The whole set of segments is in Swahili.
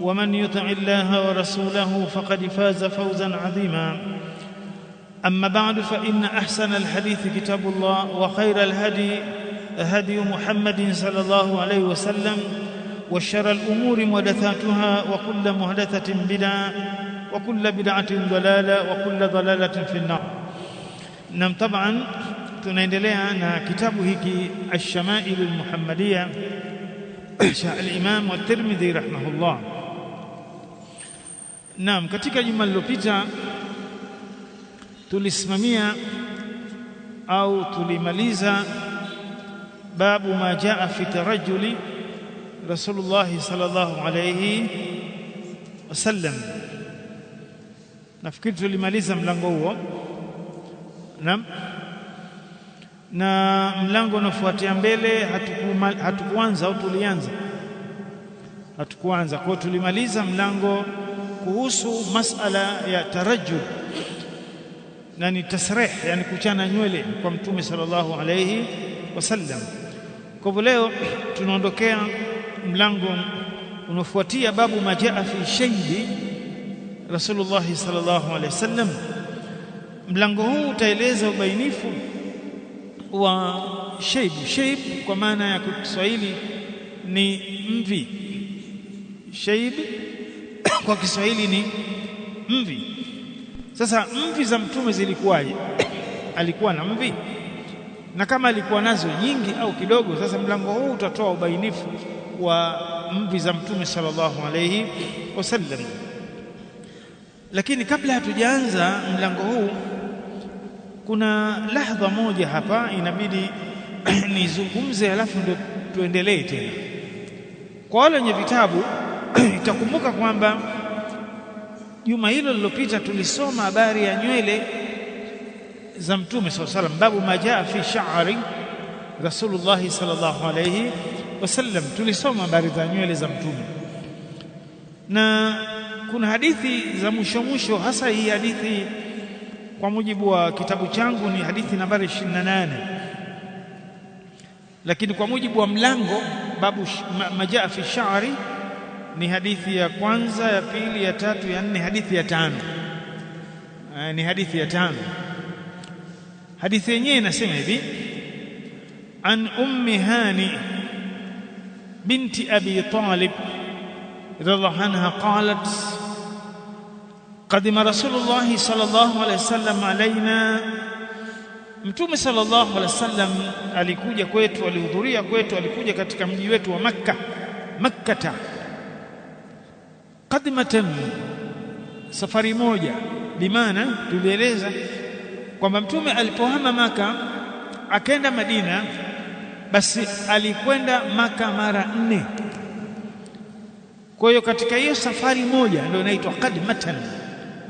ومن يطع الله ورسوله فقد فاز فوزا عظيما أما بعد فإن أحسن الحديث كتاب الله وخير الهدي هدي محمد صلى الله عليه وسلم وشر الأمور محدثاتها وكل محدثة بدعة وكل بدعة ضلالة وكل ضلالة في النار نعم طبعا tunaendelea na kitabu hiki Ash-Shama'il al-Muhammadiyya cha al-Imam at-Tirmidhi rahimahullah Naam, katika juma lililopita tulisimamia au tulimaliza babu ma jaa fi tarajuli Rasulullah sallallahu alayhi wasallam. Nafikiri tulimaliza mlango huo. Naam, na mlango unafuatia mbele hatukuanza au tulianza, hatukuanza. Kwa hiyo tulimaliza mlango kuhusu masala ya tarajjud na ni tasrih, yani kuchana nywele kwa Mtume sallallahu alayhi wasallam. Kwa hivyo leo tunaondokea mlango unaofuatia babu majaa fi shaybi Rasulullah sallallahu alayhi wasallam. Mlango huu utaeleza ubainifu wa sheibu. Sheibu kwa maana ya Kiswahili ni mvi. Sheibu kwa Kiswahili ni mvi. Sasa mvi za mtume zilikuwaje? alikuwa na mvi? Na kama alikuwa nazo nyingi au kidogo? Sasa mlango huu utatoa ubainifu wa mvi za mtume sallallahu alayhi wasallam. Lakini kabla hatujaanza mlango huu, kuna lahdha moja hapa inabidi nizungumze, alafu ndio tuendelee tena. Kwa wale wenye vitabu itakumbuka kwamba Juma hilo lilopita tulisoma habari ya nywele za Mtume sallallahu alaihi babu majaa fi sha'ri Rasulullah sallallahu alayhi wasallam. Tulisoma habari za nywele za Mtume na kuna hadithi za mwisho mwisho, hasa hii hadithi kwa mujibu wa kitabu changu ni hadithi nambari 28, lakini kwa mujibu wa mlango babu majaa fi sha'ri ni hadithi ya kwanza, ya pili, ya tatu, ya nne, hadithi ya tano. Aa, eh, ni hadithi ya tano. Hadithi yenyewe inasema hivi: an ummi hani binti abi talib radhiallahu anha qalat qadima rasulullahi sallallahu alayhi wasallam alaina, Mtume sallallahu alayhi wasallam alikuja kwetu, alihudhuria kwetu, alikuja katika mji wetu wa Makka, Makkata qadmatan, safari moja. Bimaana tulieleza kwamba mtume alipohama Maka akaenda Madina, basi alikwenda Maka mara nne. Kwa hiyo katika hiyo safari moja ndio inaitwa qadmatan,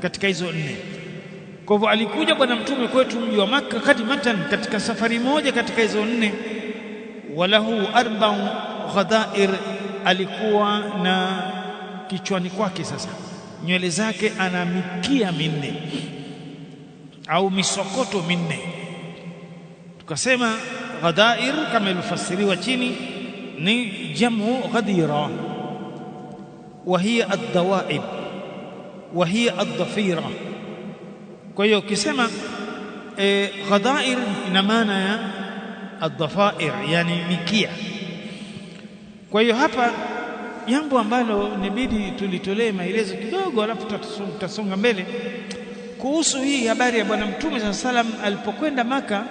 katika hizo nne. Kwa hivyo alikuja bwana mtume kwetu mji wa maka qadmatan, katika safari moja katika hizo nne. Walahu arbau ghadhair, alikuwa na kichwani kwake, sasa nywele zake ana mikia minne au misokoto minne. Tukasema ghadair kama ilivyofasiriwa chini ni jamu ghadira, wa hiya ad-dawaib wa hiya ad-dhafira. Kwa hiyo ukisema e, ghadair ina maana ya ad-dhafair, yani mikia. Kwa hiyo hapa jambo ambalo inabidi tulitolee maelezo kidogo, alafu tutasonga mbele kuhusu hii habari ya Bwana Mtume saa salam alipokwenda Maka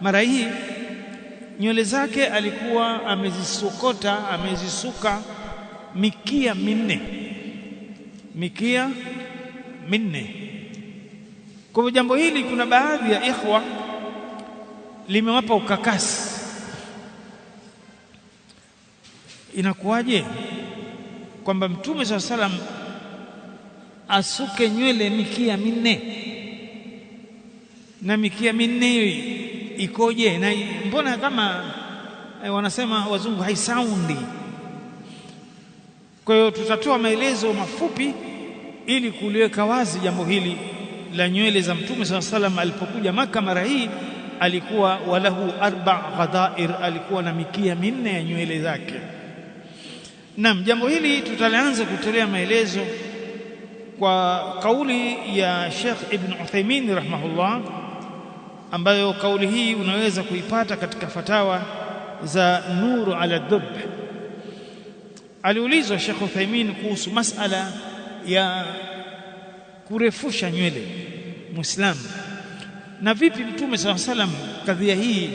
mara hii, nywele zake alikuwa amezisokota amezisuka mikia minne, mikia minne. Kwa jambo hili kuna baadhi ya ikhwa limewapa ukakasi inakuwaje kwamba mtume saa salam asuke nywele mikia minne na mikia minne hiyo ikoje? Na mbona kama eh, wanasema wazungu haisaundi. Kwa hiyo tutatoa maelezo mafupi ili kuliweka wazi jambo hili la nywele za mtume saa salam. Alipokuja Maka mara hii alikuwa walahu arba ghadair, alikuwa na mikia minne ya nywele zake. Naam, jambo hili tutalianza kutolea maelezo kwa kauli ya Sheikh Ibn Uthaymeen rahimahullah, ambayo kauli hii unaweza kuipata katika fatawa za Nuru ala Dhub. Aliulizwa Sheikh Uthaymeen kuhusu masala ya kurefusha nywele Muislamu, na vipi Mtume alaihi wasallam kadhia hii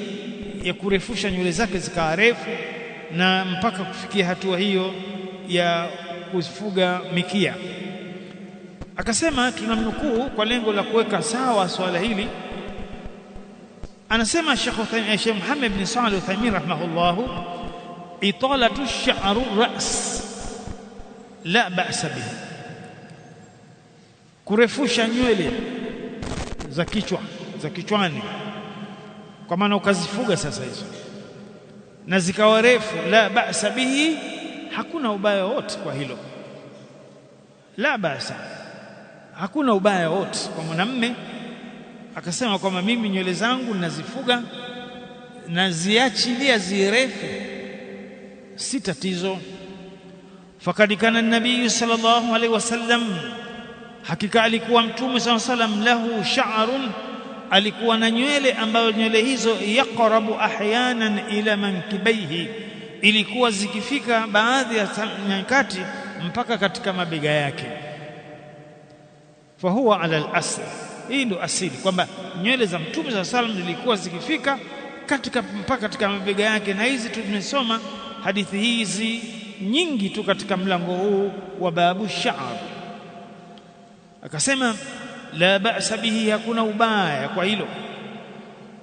ya kurefusha nywele zake zikawa refu na mpaka kufikia hatua hiyo ya kufuga mikia. Akasema tunamnukuu kwa lengo la kuweka sawa swala hili, anasema Sheikh eh, Muhammad bin Saleh Uthaymeen rahimahullahu, italatu sharu ras la ba'sa bihi, kurefusha nywele za kichwa za kichwani, kwa maana ukazifuga sasa hizo na zikawa refu, la ba'sa bihi, hakuna ubaya wote kwa hilo. La ba'sa, hakuna ubaya wote kwa mwanamme akasema kwamba mimi nywele zangu ninazifuga naziachilia zirefu, si tatizo. Fakad kana nabiyu sallallahu alaihi wasallam, hakika alikuwa mtume sallallahu alaihi wasallam, lahu sha'run alikuwa na nywele ambayo nywele hizo yaqrabu ahyanan ila mankibaihi, ilikuwa zikifika baadhi ya nyakati mpaka katika mabega yake. Fahuwa ala al-asl, hii ndo asili kwamba nywele za Mtume saa salam zilikuwa zikifika katika mpaka katika mabega yake, na hizi tumesoma hadithi hizi nyingi tu katika mlango huu wa babu sha'r. Akasema la ba'sa bihi, hakuna ubaya kwa hilo.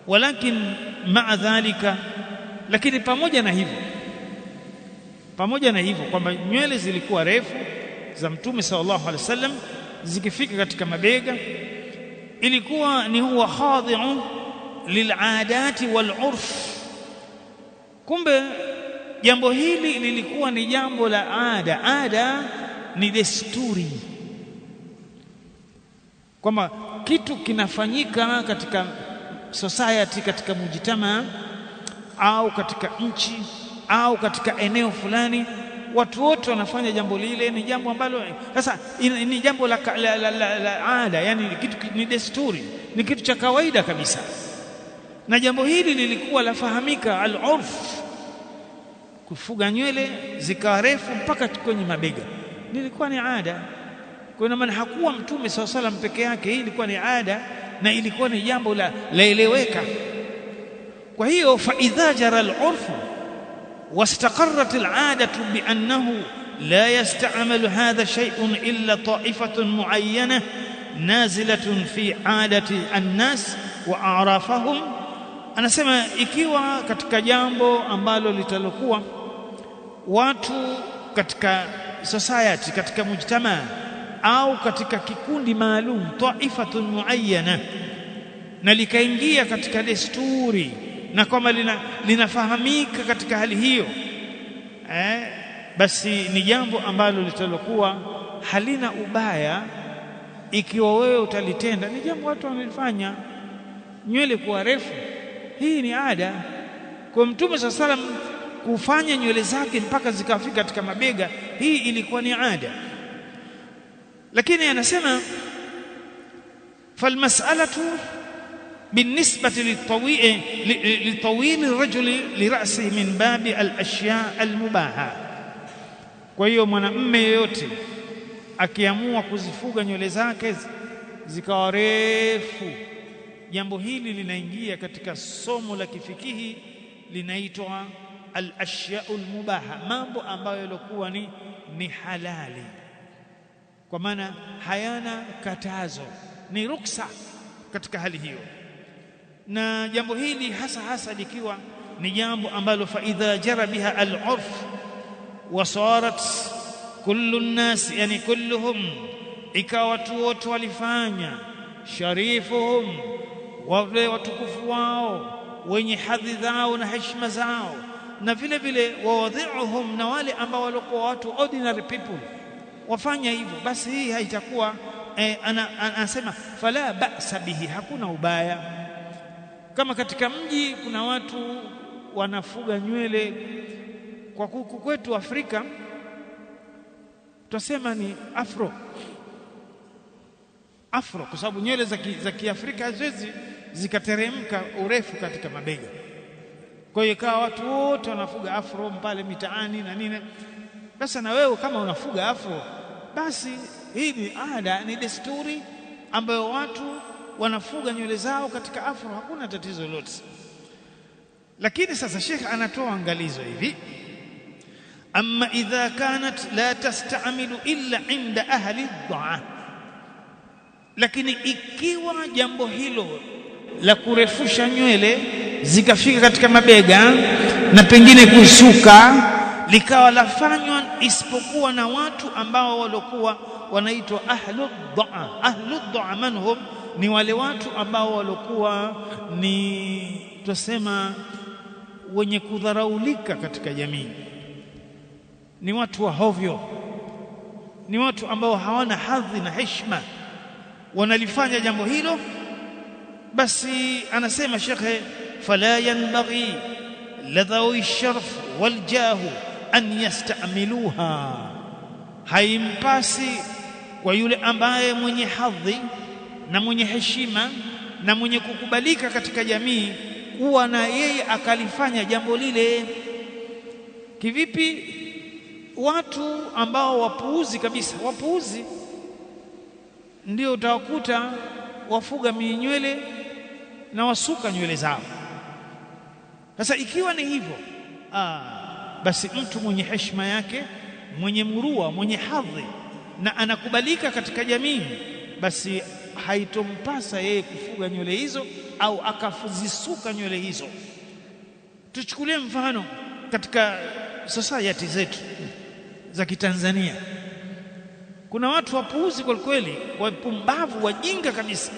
Walakin maa dhalika, lakini pamoja na hivyo, pamoja na hivyo kwamba nywele zilikuwa refu za Mtume sallallahu alaihi wasallam zikifika katika mabega, ilikuwa ni huwa khadi'u liladati walurf. Kumbe jambo hili lilikuwa ni jambo la ada. Ada ni desturi kwamba kitu kinafanyika katika society, katika mujitamaa au katika nchi au katika eneo fulani, watu wote wanafanya jambo lile. Ni jambo ambalo sasa ni jambo la, la, la, la, la ada, yani kitu, ni desturi, ni kitu cha kawaida kabisa, na jambo hili lilikuwa lafahamika al-urf. Kufuga nywele zikawa refu mpaka kwenye mabega, lilikuwa ni ada. Kwa hiyo maana hakuwa mtume saw salam peke yake, hii ilikuwa ni ada na ilikuwa ni jambo la laeleweka. Kwa hiyo fa idha jara al-urfu wastaqarrat al-adatu bi annahu la yasta'malu hadha shay'un illa ta'ifatun mu'ayyana nazilatun fi 'adati an-nas wa a'rafahum anasema ikiwa katika jambo ambalo litalokuwa watu katika society katika mujtamaa au katika kikundi maalum taifatun muayyana, na likaingia katika desturi na kwamba lina, linafahamika katika hali hiyo eh, basi ni jambo ambalo litalokuwa halina ubaya ikiwa wewe utalitenda. Ni jambo watu wamelifanya, nywele kuwa refu, hii ni ada kwa Mtume saa salam kufanya nywele zake mpaka zikafika katika mabega, hii ilikuwa ni ada lakini anasema falmas'alatu بالنسبة للطويل لطويل الرجل لرأسه min babi alashya almubaha kwa hiyo mwanamume yeyote akiamua kuzifuga nywele zake zikawa refu jambo hili linaingia katika somo la kifikihi linaitwa al ashya'ul mubaha mambo ambayo yalikuwa ni ni halali kwa maana hayana katazo, ni ruksa katika hali hiyo, na jambo hili hasa hasa likiwa ni jambo ambalo faidha jara biha al-urf wa sarat kullu nasi, yani kulluhum, ikawa watu wote walifanya, sharifuhum, wale watukufu wao wenye hadhi zao na heshima zao, na vile vile wawadhiuhum, na wale ambao walikuwa watu ordinary people wafanya hivyo, basi hii haitakuwa eh, anasema fala ba'sa bihi, hakuna ubaya. Kama katika mji kuna watu wanafuga nywele, kwa kuku kwetu Afrika tutasema ni afro afro, kwa sababu nywele za Kiafrika haziwezi zikateremka urefu katika mabega. Kwa hiyo ikawa watu wote wanafuga afro pale mitaani na nini sasa na wewe kama unafuga afu, basi hii ni ada, ni desturi ambayo watu wanafuga nywele zao katika afro, hakuna tatizo lolote. Lakini sasa Sheikh anatoa angalizo hivi, amma idha kanat la tastamilu illa inda ahli dhaa, lakini ikiwa jambo hilo la kurefusha nywele zikafika katika mabega na pengine kusuka likawa lafanywa isipokuwa na watu ambao walokuwa wanaitwa ahlu dhaa. Ahlu dhaa manhum, ni wale watu ambao walokuwa ni tusema wenye kudharaulika katika jamii, ni watu wa hovyo, ni watu ambao hawana hadhi na heshima, wanalifanya jambo hilo. Basi anasema shekhe, fala yanbaghi ladhawi lsharf waljahu an yastamiluha, haimpasi kwa yule ambaye mwenye hadhi na mwenye heshima na mwenye kukubalika katika jamii kuwa na yeye akalifanya jambo lile. Kivipi? Watu ambao wapuuzi kabisa, wapuuzi ndio utawakuta wafuga minywele na wasuka nywele zao. Sasa ikiwa ni hivyo ah basi mtu mwenye heshima yake, mwenye murua, mwenye hadhi na anakubalika katika jamii, basi haitompasa yeye kufuga nywele hizo au akazisuka nywele hizo. Tuchukulie mfano katika society zetu za Kitanzania, kuna watu wapuuzi kwa kweli, wapumbavu, wajinga kabisa,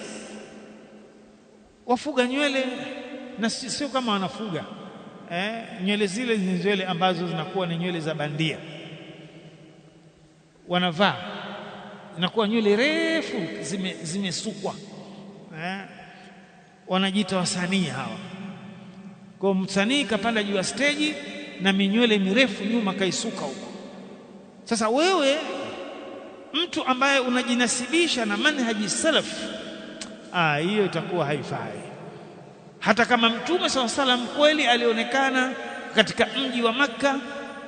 wafuga nywele na sio kama wanafuga eh, nywele zile ni nywele ambazo zinakuwa ni nywele za bandia wanavaa inakuwa nywele refu zimesukwa zime eh, wanajiita wasanii hawa. Kwa msanii kapanda juu ya steji na minywele mirefu nyuma kaisuka huko. Sasa wewe mtu ambaye unajinasibisha na manhaji salaf, ah, hiyo itakuwa haifai hata kama Mtume saa salam kweli alionekana katika mji wa Makka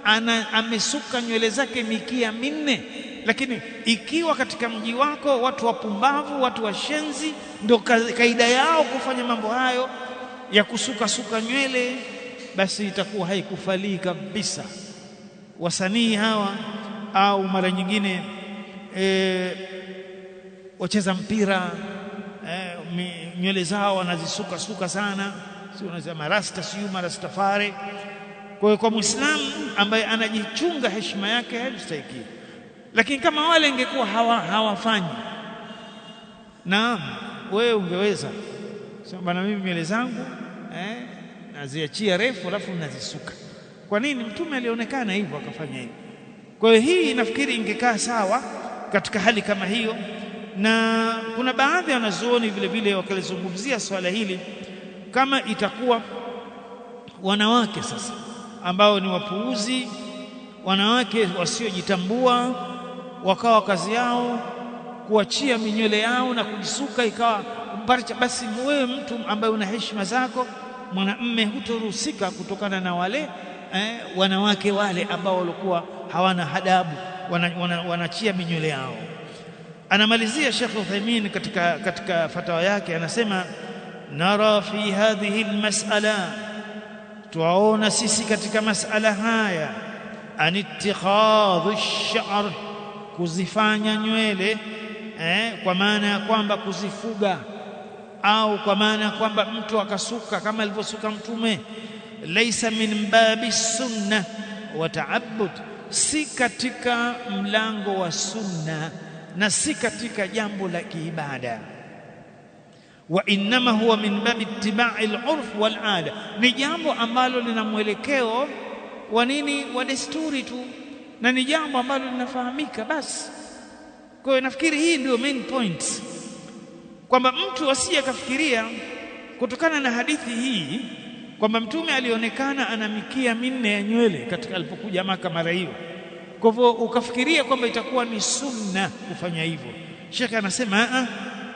ana, amesuka nywele zake mikia minne, lakini ikiwa katika mji wako watu wapumbavu, watu washenzi, ndio kaida yao kufanya mambo hayo ya kusuka suka nywele, basi itakuwa haikufalii kabisa. Wasanii hawa au mara nyingine e, wacheza mpira nywele zao wanazisuka suka sana, si unasema rasta, si marasta fare. Kwa hiyo kwa muislam ambaye anajichunga heshima yake haistahiki, lakini kama wale ingekuwa hawa hawafanyi, naam, wewe ungeweza sema bana, mimi nywele zangu eh, naziachia refu alafu nazisuka. Kwa nini? Mtume alionekana hivyo akafanya hivyo. Kwa hiyo hii nafikiri ingekaa sawa katika hali kama hiyo na kuna baadhi ya wanazuoni vile vile wakalizungumzia swala hili kama itakuwa wanawake sasa ambao ni wapuuzi, wanawake wasiojitambua, wakawa kazi yao kuachia minywele yao na kujisuka ikawa mparicha, basi wewe mtu ambaye una heshima zako mwanamme hutoruhusika kutokana na wale eh, wanawake wale ambao walikuwa hawana hadabu, wanachia wana, wana minywele yao. Anamalizia Sheikh Uthaymeen katika, katika fatawa yake anasema, nara fi hadhihi almas'ala, twaona sisi katika masala haya, an ash-sha'r, kuzifanya nywele eh, kwa maana ya kwamba kuzifuga au kwa maana ya kwamba mtu akasuka kama alivyosuka Mtume, laisa min babi sunna wa ta'abbud, si katika mlango wa sunna na si katika jambo la kiibada. Wa innama huwa min babi ittibai al-urf wal ada, ni jambo ambalo lina mwelekeo wa nini? Wa desturi tu, na ni jambo ambalo linafahamika basi. Kwa hiyo nafikiri hii ndio main point, kwamba mtu asije akafikiria kutokana na hadithi hii kwamba Mtume alionekana ana mikia minne ya nywele katika alipokuja Maka mara hiyo kwa hivyo ukafikiria kwamba itakuwa ni sunna kufanya hivyo. Shekhe anasema a ah, ah,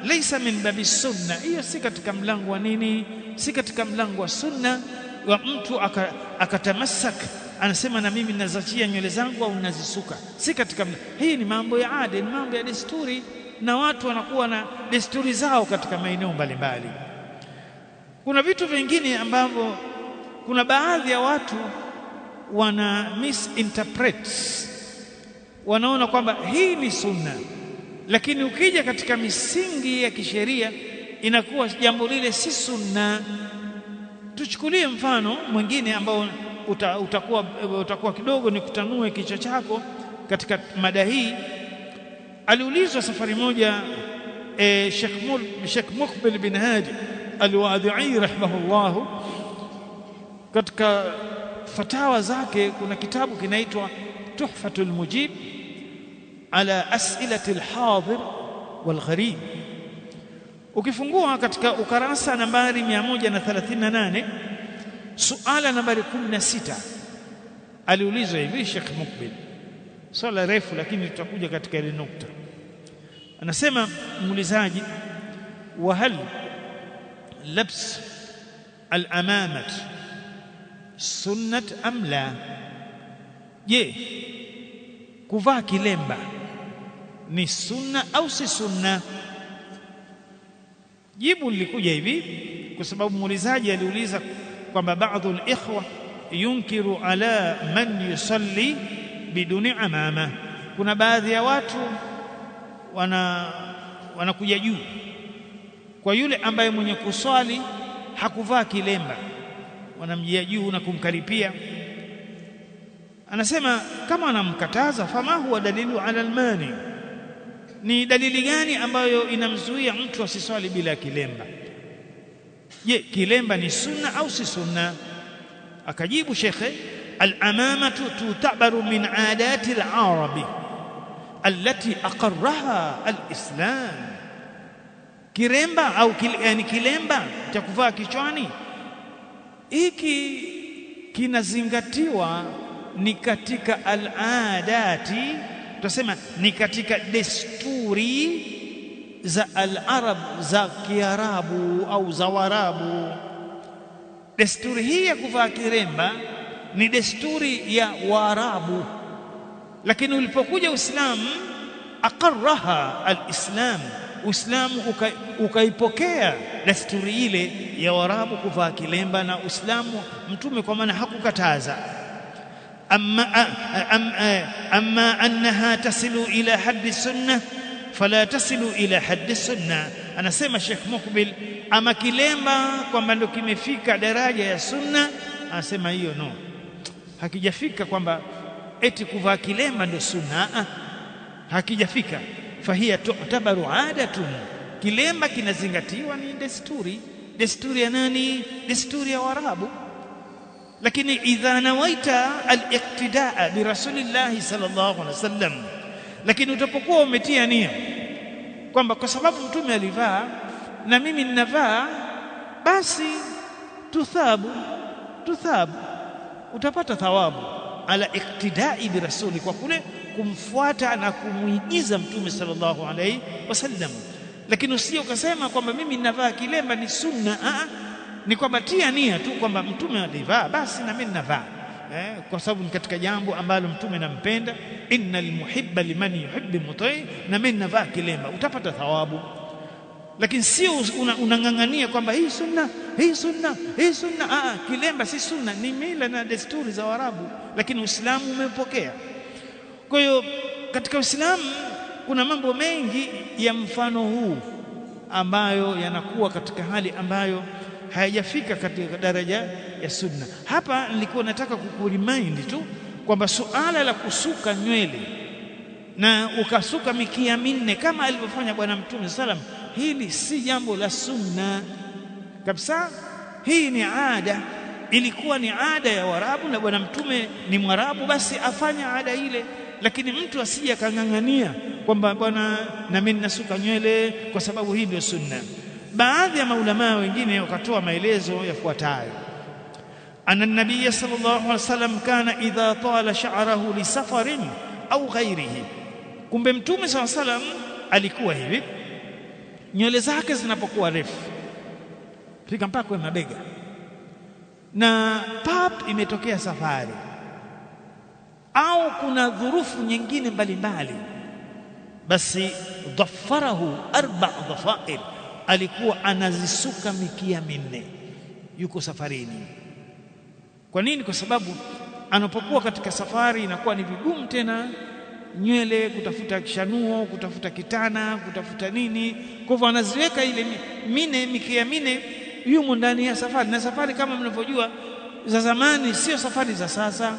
laisa min babi sunna, hiyo si katika mlango wa nini, si katika mlango wa sunna wa mtu akatamasak aka anasema na mimi nazachia nywele zangu au nazisuka, si katika hii. Ni mambo ya ada, ni mambo ya desturi, na watu wanakuwa na desturi zao katika maeneo mbalimbali. Kuna vitu vingine ambavyo kuna baadhi ya watu wana misinterpret, wanaona kwamba hii ni sunna, lakini ukija katika misingi ya kisheria inakuwa jambo lile si sunna. Tuchukulie mfano mwingine ambao uta, utakuwa, utakuwa kidogo ni kutanue kichwa chako katika mada hii. Aliulizwa safari moja e, Sheikh Mukbil bin Hadi Alwadhii rahimahullahu katika fatawa zake kuna kitabu kinaitwa Tuhfatul Mujib ala asilati alhadir walgharib. Ukifungua katika ukarasa nambari 138 suala nambari 16 aliulizwa hivi Sheikh Mukbil, swala refu, lakini tutakuja katika ile nukta. Anasema muulizaji, hal labs alamamati sunnat am la? Je, kuvaa kilemba ni sunna au si sunna? Jibu lilikuja hivi, kwa sababu muulizaji aliuliza kwamba baadhi ikhwa yunkiru ala man yusalli biduni amama, kuna baadhi ya watu wana wanakuja juu kwa yule ambaye mwenye kuswali hakuvaa kilemba wanamjia juu na kumkaripia. Anasema kama anamkataza, fama huwa dalilu ala almani, ni dalili gani ambayo inamzuia mtu asiswali bila kilemba? Je, kilemba ni sunna au si sunna? Akajibu shekhe, alamamatu tutabaru min adati alarabi allati aqarraha alislam, kiremba au yani kilemba cha kuvaa kichwani hiki kinazingatiwa ni katika aladati, tutasema ni katika desturi za al-arab za Kiarabu au za Warabu. Desturi hii ya kuvaa kiremba ni desturi ya Waarabu, lakini ulipokuja Uislamu akaraha alislam Uislamu uka, ukaipokea dasturi ile ya Waarabu kuvaa kilemba na Uislamu mtume kwa maana hakukataza. Amma, am, amma annaha tasilu ila haddi sunnah fala tasilu ila haddi sunna, anasema Sheikh Mukbil. Ama kilemba kwamba ndio kimefika daraja ya sunna, anasema hiyo no, hakijafika kwamba eti kuvaa kilemba ndio sunna, ah, hakijafika fahiya tu'tabaru adatun, kilemba kinazingatiwa ni desturi. Desturi ya nani? Desturi ya Waarabu. Lakini idha nawaita al-iqtidaa bi rasulillahi sallallahu alaihi wasallam, lakini utapokuwa umetia nia kwamba kwa sababu mtume alivaa na mimi ninavaa, basi tuthabu tuthabu, utapata thawabu ala iqtidai bi rasuli, kwa kule kumfuata na kumwigiza Mtume sallallahu alaihi wasallam, lakini usio ukasema kwamba mimi ninavaa kilemba ni sunna. Aa, ah, ah. ni kwamba tia nia tu kwamba Mtume alivaa basi na mimi ninavaa eh, kwa sababu ni katika jambo ambalo Mtume nampenda, innal muhibba liman yuhibbu mutii, na mimi ninavaa kilemba, utapata thawabu lakini sio unang'ang'ania una kwamba hii sunna hii sunna hii sunna. Aa, ah, kilemba si sunna, ni mila na desturi za Waarabu, lakini Uislamu umepokea. Kwa hiyo katika Uislamu kuna mambo mengi ya mfano huu ambayo yanakuwa katika hali ambayo hayajafika katika daraja ya sunna. Hapa nilikuwa nataka kukuremind tu kwamba suala la kusuka nywele na ukasuka mikia minne kama alivyofanya Bwana Mtume salam, hili si jambo la sunna kabisa. Hii ni ada, ilikuwa ni ada ya Waarabu na Bwana Mtume ni Mwarabu, basi afanya ada ile. Lakini mtu asije akang'ang'ania kwamba bwana, na mimi nasuka nywele kwa sababu hii ndio sunna. Baadhi ya maulamaa wengine wakatoa maelezo yafuatayo: anna nabiyya sallallahu alaihi wasallam kana idha tala sha'rahu li safarin au ghairihi, kumbe mtume sallallahu alaihi wasallam alikuwa hivi nywele zake zinapokuwa refu fika mpaka kwenye mabega na pap, imetokea safari au kuna dhurufu nyingine mbalimbali basi dhafarahu arba dhafair, alikuwa anazisuka mikia minne yuko safarini. Kwa nini? Kwa sababu anapokuwa katika safari inakuwa ni vigumu tena nywele kutafuta kishanuo, kutafuta kitana, kutafuta nini. Kwa hivyo anaziweka ile mine, mikia mine, yumo ndani ya safari. Na safari kama mnavyojua za zamani, sio safari za sasa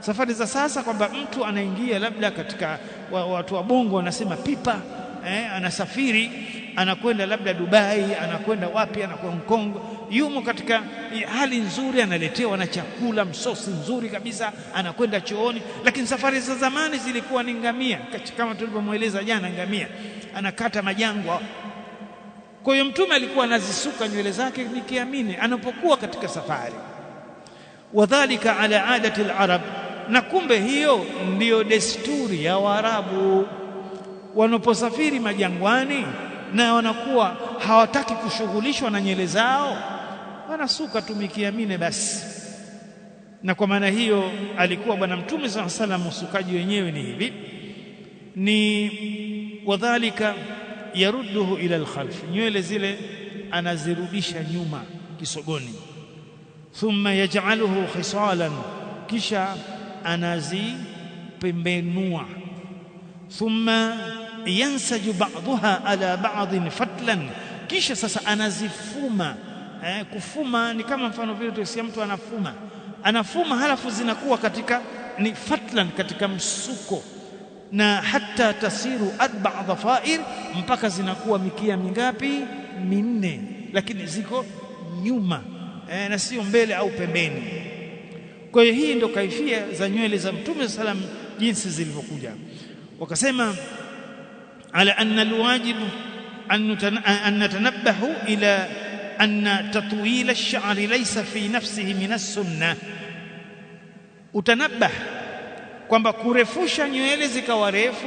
safari za sasa kwamba mtu anaingia labda katika watu wa bongo wanasema pipa eh, anasafiri anakwenda labda Dubai, anakwenda wapi, anakuwa Hong Kong, yumo katika hali nzuri, analetewa na chakula, msosi nzuri kabisa, anakwenda chooni. Lakini safari za zamani zilikuwa ni ngamia, kama tulivyomweleza jana, ngamia anakata majangwa. Kwa hiyo Mtume alikuwa anazisuka nywele zake nikiamini anapokuwa katika safari. Wadhalika ala adati al-arab na kumbe hiyo ndiyo desturi ya Waarabu wanaposafiri majangwani na wanakuwa hawataki kushughulishwa na nyele zao, wanasuka tumikia mine basi. Na kwa maana hiyo alikuwa Bwana Mtume sala salam, usukaji wenyewe ni hivi ni wadhalika yarudduhu ila alkhalf, nywele zile anazirudisha nyuma kisogoni. Thumma yaj'aluhu khisalan, kisha anazipembenua. Thumma yansaju ba'dhuha ala ba'dhin fatlan, kisha sasa anazifuma. Eh, kufuma ni kama mfano vile tusia mtu anafuma anafuma, halafu zinakuwa katika ni fatlan, katika msuko na hata tasiru adba dhafair, mpaka zinakuwa mikia mingapi? Minne, lakini ziko nyuma eh, na sio mbele au pembeni. Kwa hiyo hii ndio kaifia za nywele za Mtume salam jinsi zilivyokuja. Wakasema ala anna alwajibu an natanabbahu ila anna tatwil ash-sha'ri laysa fi nafsihi min as-sunnah, utanabah kwamba kurefusha nywele zikawa refu,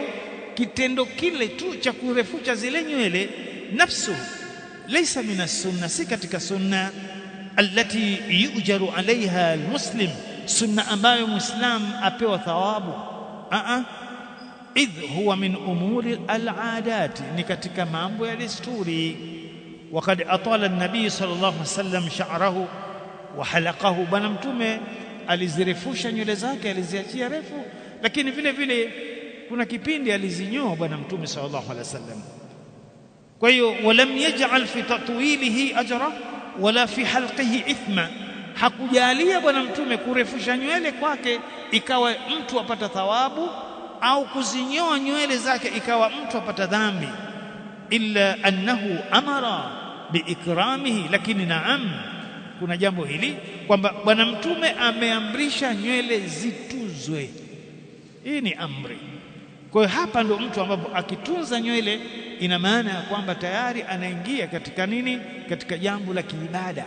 kitendo kile tu cha kurefusha zile nywele nafsu laysa min as-sunnah, si katika sunna allati yujaru alaiha almuslim sunna ambayo muislamu apewa thawabu a a idh huwa min umuri aladati ni katika mambo ya desturi وقد أطال النبي صلى الله عليه وسلم شعره وحلقه bwana mtume alizirefusha nywele zake aliziachia refu lakini vile vile kuna kipindi alizinyoa bwana mtume sallallahu alaihi wasallam kwa hiyo walam yaj'al fi tatwilihi ajra wala fi halqihi ithma hakujalia Bwana Mtume kurefusha nywele kwake ikawa mtu apata thawabu au kuzinyoa nywele zake ikawa mtu apata dhambi, illa annahu amara biikramihi. Lakini naam, kuna jambo hili kwamba Bwana Mtume ameamrisha nywele zituzwe. Hii ni amri. Kwa hiyo hapa ndo mtu ambapo akitunza nywele ina maana ya kwamba tayari anaingia katika nini, katika jambo la kiibada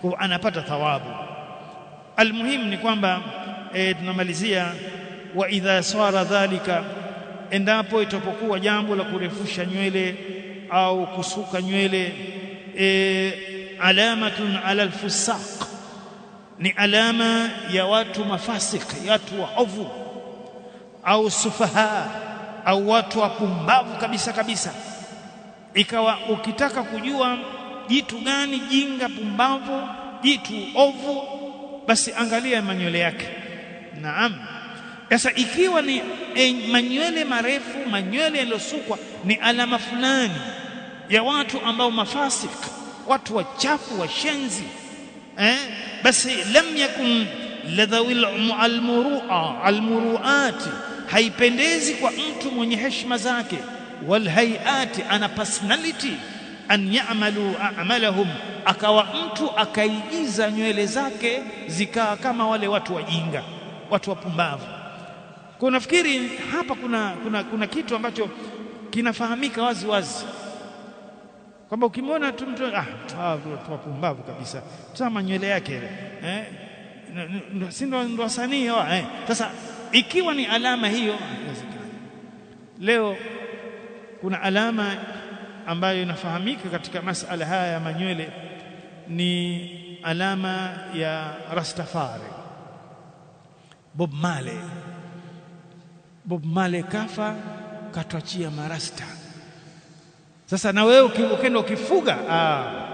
kwa anapata thawabu. Almuhimu ni kwamba e, tunamalizia wa idha swara dhalika, endapo itapokuwa jambo la kurefusha nywele au kusuka nywele e, alamatun ala alfusaq, ni alama ya watu mafasik watu waovu au sufaha au watu wapumbavu kabisa kabisa. Ikawa ukitaka kujua jitu gani jinga, pumbavu, jitu ovu, basi angalia manywele yake. Naam. Sasa ikiwa ni eh, manywele marefu, manywele yaliyosukwa ni alama fulani ya watu ambao mafasik, watu wachafu, washenzi eh? Basi lam yakun ladhawil almurua almuruati, haipendezi kwa mtu mwenye heshima zake, walhaiati, ana personality an ya'malu a'malahum, akawa mtu akaigiza nywele zake zikawa kama wale watu wajinga, watu wapumbavu. Kwa nafikiri hapa kuna, kuna, kuna kitu ambacho kinafahamika wazi wazi kwamba ukimwona tu mtu ah, ah wapumbavu kabisa, tazama nywele yake ile eh, si ndo wasanii hawa eh. Sasa ikiwa ni alama hiyo, leo kuna alama ambayo inafahamika katika masala haya ya manywele ni alama ya Rastafari Bob Male. Bob Male kafa, katwachia marasta. Sasa na wewe ukienda ukifuga ah.